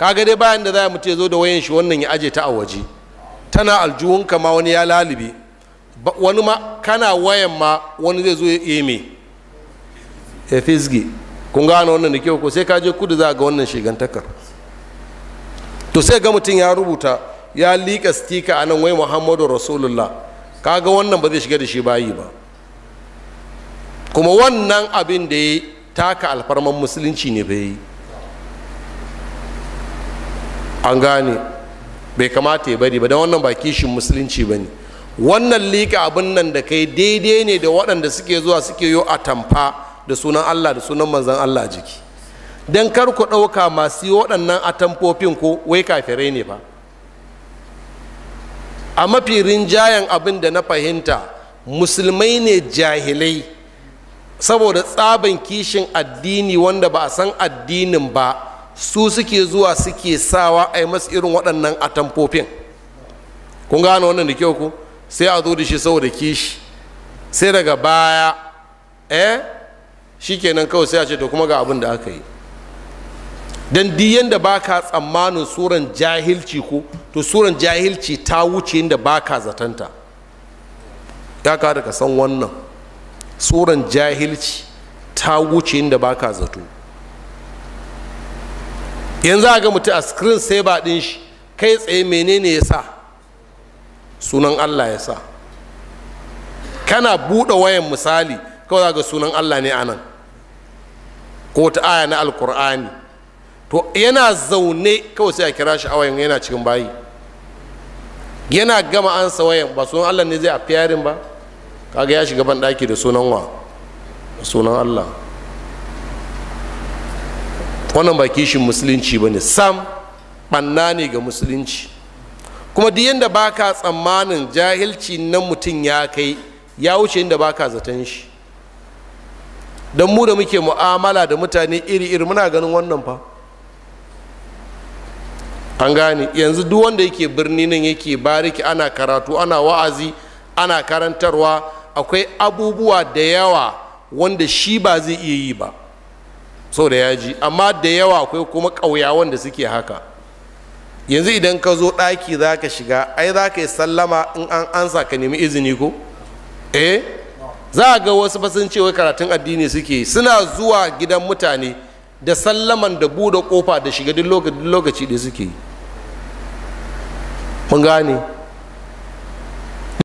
kaga dai bayan da za mu ce zo da wayan shi wannan ya aje ta a waje tana aljuhunka ma wani ya lalube wani ma kana wayan ma wani zai zo ya eme ya fizgi kun gane wannan da kyau ko sai ka je kudu za ga wannan shigantakar to sai ga mutum ya rubuta ya liƙa stika a nan wai muhammadu rasulullah kaga wannan ba zai shiga da shi bayi ba kuma wannan abin da ya taka alfarman musulunci ne bai yi an gane bai kamata ya bari ba don wannan ba kishin musulunci ba ne wannan liƙa abin nan da kai daidai ne da waɗanda suke zuwa suke yi a tamfa da sunan allah da sunan manzan allah jiki don kar ku ɗauka masu yi waɗannan atamfofin ko wai kafirai ne ba a mafi rinjayen abin da na fahimta musulmai ne jahilai saboda tsaban kishin addini wanda ba a san addinin ba su suke zuwa suke sawa a yi masu irin waɗannan a tamfofin? kun gano wannan da kyau ku sai a zo da shi saboda kishi sai daga baya eh shi kenan kawai sai a ce to kuma ga abin da aka yi don diyan da ba ka tsammanin suran jahilci ko to suran jahilci ta wuce inda ba ka zatanta ya ka da ka san wannan suran jahilci ta wuce inda ba ka zato yanzu a ga mutum a screen saver ɗin shi kai tsaye menene ya sa sunan allah ya sa kana buɗe wayan misali kawai za ga sunan allah ne anan ko ta aya na alkur'ani to yana zaune kawai sai a kira shi a wayan yana cikin bayi yana gama ansa wayan ba sunan allah ne zai a fiyarin ba kaga ya shiga ban ɗaki da sunan wa sunan allah wannan ba kishin musulunci ba ne sam ɓanna ne ga musulunci kuma duk yadda ba ka tsammanin jahilci nan mutum ya kai ya wuce inda ba ka zaton shi don mu da muke mu'amala da mutane iri-iri muna ganin wannan fa an gane yanzu duk wanda yake birni nan yake bariki ana karatu ana wa'azi ana karantarwa akwai abubuwa da yawa wanda shi ba zai iya yi ba so da yaji amma da yawa akwai kuma ƙauyawan da suke haka yanzu idan ka zo ɗaki za ka shiga ai za ka yi sallama in an ansa ka nemi izini ko eh za a ga wasu basun cewa karatun addini suke suna zuwa gidan mutane da sallaman da buɗe ƙofa da shiga duk lokaci da suke mun gane